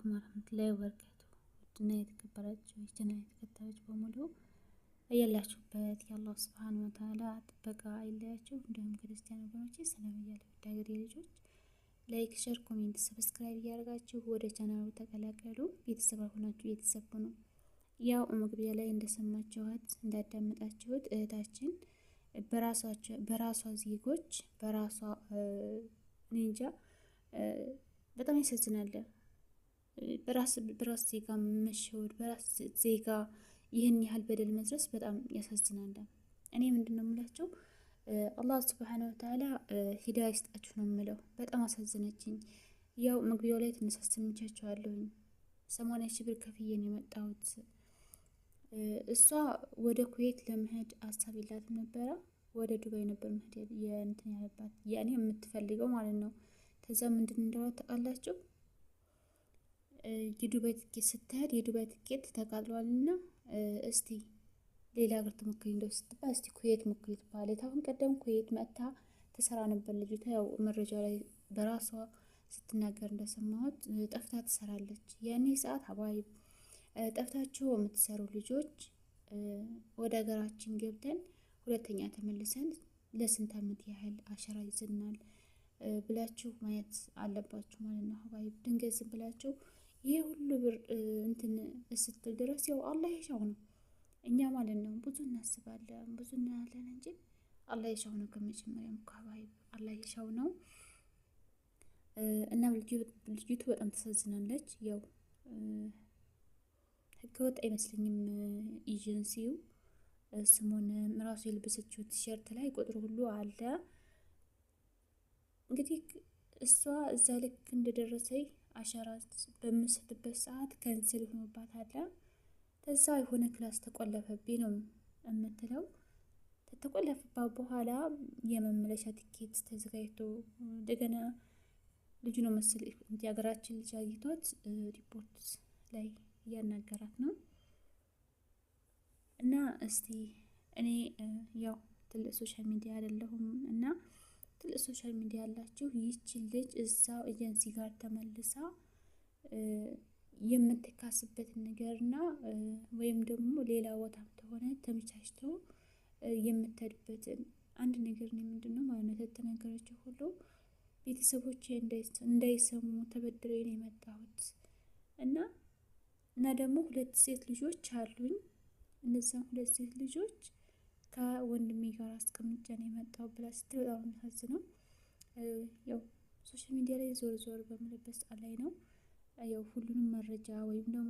አለይኩም ወራህመቱላሂ ወበረካቱ ውድና የተከበራችሁ የቻናሌ ተከታዮች በሙሉ እያላችሁበት የአላህ ሱብሃነሁ ወተዓላ ጥበቃ አይለያችሁ። እንዲሁም ክርስቲያን ወገኖች ሰላም እያለሁ ውድ ሀገሬ ልጆች ላይክ፣ ሸር፣ ኮሜንት፣ ሰብስክራይብ እያደረጋችሁ ወደ ቻናሉ ተቀላቀሉ። ቤተሰብ ሆናችሁ ቤተሰብ ሁኑ። ያው መግቢያ ላይ እንደሰማችኋት እንዳዳመጣችሁት እህታችን በራሷ ዜጎች በራሷ ኒንጃ በጣም ያሳዝናል። በራስ በራስ ዜጋ መሸወድ፣ በራስ ዜጋ ይህን ያህል በደል መድረስ በጣም ያሳዝናል። እኔ ምንድን ነው የምላቸው አላህ ስብሓን ወተዓላ ሂዳ ይስጣችሁ ነው የምለው። በጣም አሳዘነችኝ። ያው መግቢያው ላይ ትንሽ አሰምቻችኋለሁኝ። ሰማንያ ሺህ ብር ከፍዬ ነው የመጣሁት። እሷ ወደ ኩዌት ለመሄድ አሳብ የላትም ነበረ። ወደ ዱባይ ነበር መሄድ የእንትን ያለባት ያኔ የምትፈልገው ማለት ነው። ከዛ ምንድን እንዳወት ታውቃላችሁ የዱባይ ትኬት ስትሄድ የዱባይ ትኬት ተቃጥሏል እና እስቲ ሌላ ሀገር ትሞክሪ እንደው ስትባል እስቲ ኩዌት ሞክሪ ትባለች። አሁን ቀደም ኩዌት መጥታ ትሰራ ነበር ልጅቷ። ያው መረጃ ላይ በራሷ ስትናገር እንደሰማሁት ጠፍታ ትሰራለች። ያኔ ሰዓት አባይ ጠፍታችሁ የምትሰሩ ልጆች ወደ ሀገራችን ገብተን ሁለተኛ ተመልሰን ለስንት ዓመት ያህል አሸራ ይዘናል ብላችሁ ማየት አለባችሁ ማለት ነው። አባይ ድንገት ዝም ብላችሁ ይህ ሁሉ ብር እንትን ስትል ድረስ ያው አላህ የሻው ነው። እኛ ማለት ነው ብዙ እናስባለን ብዙ እናያለን እንጂ አላህ የሻው ነው። ከመጀመሪያም አካባቢ አላህ የሻው ነው እና ልጅቱ በጣም ተሳዝናለች። ያው ህገወጥ አይመስለኝም ኤጀንሲው ስሙን ራሱ የልብሰችው ቲሸርት ላይ ቁጥር ሁሉ አለ። እንግዲህ እሷ እዛ ልክ እንደደረሰኝ አሻራ በምንስትበት ሰዓት ከንስል ሆኖባት አለ። ከዛ የሆነ ክላስ ተቆለፈብኝ ነው የምትለው። ከተቆለፈባት በኋላ የመመለሻ ቲኬት ተዘጋጅቶ እንደገና ልጁ ነው መስል መሰል ሀገራችን ልጅ አግኝቷት ሪፖርት ላይ እያናገራት ነው እና እስቲ እኔ ያው ትልቅ ሶሻል ሚዲያ አይደለሁም ሶሻል ሚዲያ ያላችሁ ይህች ልጅ እዛው ኤጀንሲ ጋር ተመልሳ የምትካስበትን ነገርና ወይም ደግሞ ሌላ ቦታ ከሆነ ተመቻችቶ የምትሄድበትን አንድ ነገር ነው። ምንድን ነው ማለት የተነገረችው ሁሉ ቤተሰቦች እንዳይሰሙ ተበድሬ ነው የመጣሁት እና እና ደግሞ ሁለት ሴት ልጆች አሉኝ። እነዚያም ሁለት ሴት ልጆች ከወንድሜ ጋር አስቀምጬ ነው የመጣው ብላ ስትል በጣም የሚያሳዝነው ያው ሶሻል ሚዲያ ላይ ዞር ዞር በምልበት ሰዓት ላይ ነው ያው ሁሉንም መረጃ ወይም ደግሞ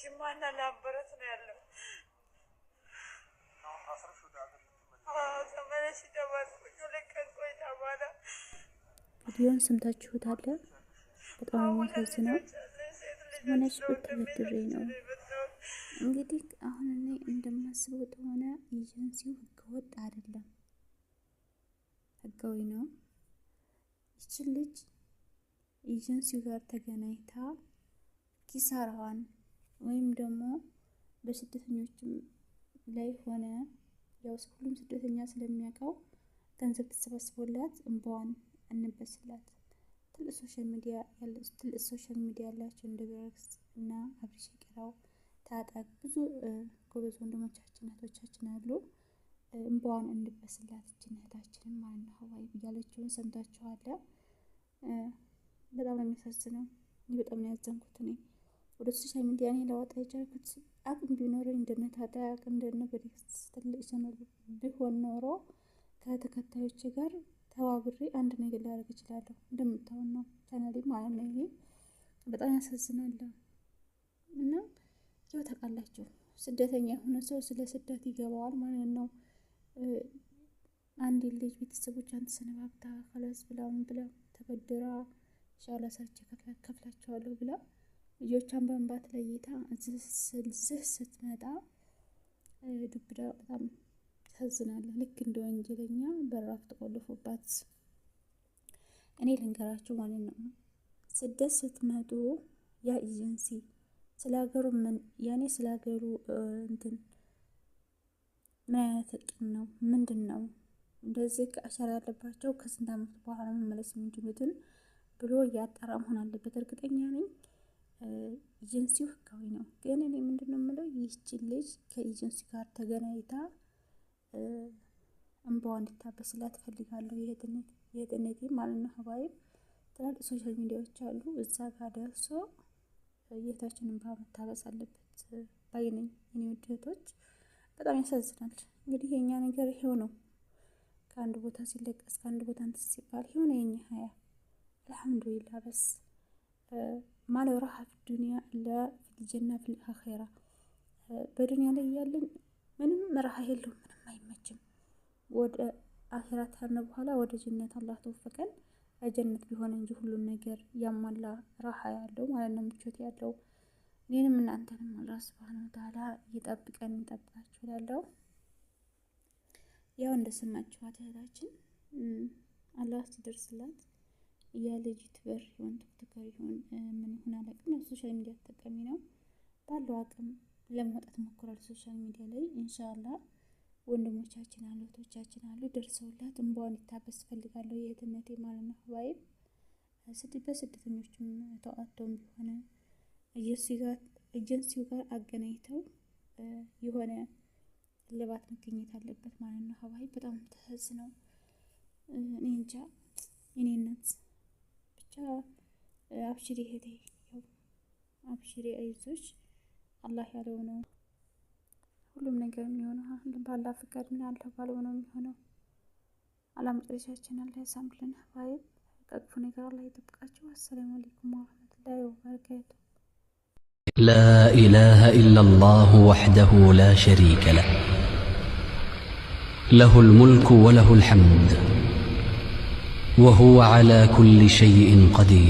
ጅማና ላምበረት ነው ያለው። ተመለሽ ተባልኩኝ። ሁለት ቆይታ በኋላ ቪዲዮን በጣም የሚያሳዝነው ሆነች ብትበድሬ ነው እንግዲህ አሁን እኔ እንደማስበው ከሆነ ኤጀንሲው ህገወጥ አይደለም፣ ህጋዊ ነው። ይች ልጅ ኤጀንሲው ጋር ተገናኝታ ኪሳራዋን ወይም ደግሞ በስደተኞችም ላይ ሆነ ያው ሁሉም ስደተኛ ስለሚያውቀው ገንዘብ ተሰባስቦላት እንባዋን እንበስላት። ትልቅ ሶሻል ሚዲያ ትልቅ ሶሻል ሚዲያ ያላቸው እንደ ቢረክስ እና አብሪ ሸቀራው ታጣቅ ብዙ ጎበዝ ወንድሞቻችን እህቶቻችን አሉ። እንባዋን እንበስላት እችን እህታችንን ማለት ነው። ሀዋይ እያለችውን ሰምታችኋለ። በጣም ነው የሚያሳዝነው። በጣም ነው ያዘንኩት እኔ ወደ ሶሻል ሚዲያ እኔ ላወጣ የቻልኩት አቅም ቢኖረኝ እንደነ ታዲያ አቅም እንደነ በቴክስት ትልቅ ቻናል ቢሆን ኖሮ ከተከታዮች ጋር ተባብሬ አንድ ነገር ላደርግ እችላለሁ። እንደምታውን ነው ቻናሌ ማለት ነው። ይሄ በጣም ያሳዝናለሁ። እና ያው ታውቃላችሁ ስደተኛ የሆነ ሰው ስለ ስደት ይገባዋል ማለት ነው። አንድ ልጅ ቤተሰቦች አንድ ሰነባብታ ከላስ ብላም ብላ ተበድራ ሻላሳቸው ከፍላቸዋለሁ ብላ ልጆቿን በእንባት ለይታ እዚህ ስትመጣ ዱብዳ በጣም ታዝናለሁ። ልክ እንደ ወንጀለኛ በራፍ ተቆልፎባት። እኔ ልንገራችሁ ማለት ነው ስደት ስትመጡ ያ ኤጀንሲ ስለ ሀገሩ ምን ያኔ ስለ ሀገሩ እንትን ምን አይነት እቅድ ነው ምንድን ነው እንደዚህ አሻራ ያለባቸው ከስንት ዓመት በኋላ መመለስ የሚችሉትን ብሎ እያጣራ መሆን አለበት። እርግጠኛ ነኝ ኤጀንሲው ህጋዊ ነው። ግን እኔ ምንድን ነው የምለው ይህች ልጅ ከኤጀንሲ ጋር ተገናኝታ እንባዋ እንድታበስላት እፈልጋለሁ። የህትነት ማለት ነው ህባይብ ትላልቅ ሶሻል ሚዲያዎች አሉ። እዛ ጋር ደርሶ የእህታችን እንባ መታበስ አለበት ባይነኝ እኔ ውድ በጣም ያሳዝናል። እንግዲህ የኛ ነገር ይሄው ነው። ከአንድ ቦታ ሲለቀስ ከአንድ ቦታ እንትን ሲባል ይሆነ የኛ ሀያ አልሐምዱሊላ በስ ማለው ረሃ ዱኒያ ለፊልጀና ፊል አኼራ ላይ ያለን ምንም ረሃ የለውም፣ ምንም አይመችም። ወደ አኼራ ታርነ በኋላ ወደ ጀነት አላህ ተወፈቀን ጀነት ቢሆን እንጂ ሁሉን ነገር ያሟላ ረሃ ያለው ማለት ነው፣ ምቾት ያለው እኔንም እናንተንም አላህ ሱብሃነሁ ወተዓላ ይጠብቀን፣ ይጠብቃችሁ እላለሁ። ያው እንደሰማችኋት እህታችን አላህ ሲደርስላት የልጅ ትብር ይሁን ቲክቶከር ይሁን ምን ይሁን አላውቅም። ያው ሶሻል ሚዲያ ተጠቃሚ ነው። ባለው አቅም ለመውጣት ሞክሯል ሶሻል ሚዲያ ላይ እንሻላ ወንድሞቻችን አሉ እህቶቻችን አሉ ደርሰውላት እንባዋን ይታበስ ፈልጋለሁ የእህትነቴ ማለት ነው ባይብ በስደተኞችም ተዋተውም ቢሆነ ኤጀንሲው ጋር አገናኝተው የሆነ ልባት መገኘት አለበት ማለት ነው። ሀዋይ በጣም ተሳዝነው እኔ እንጃ እኔነት አብሽሪ እህቴ አብሽሪ አይዞች አላህ ያለው ነው። ሁሉም ነገር የሚሆነው ሁሉም ባላ ፍቃድ ነው ያለው ባልሆነው የሚሆነው አላመጨረሻችን አለ ያሳምልን ባይ ከክፉ ነገር አላህ ይጠብቃችሁ። አሰላሙ አለይኩም ወረህመቱላሂ ወበረካቱ። لا إله إلا الله وحده لا شريك له له الملك وله الحمد وهو على كل شيء قدير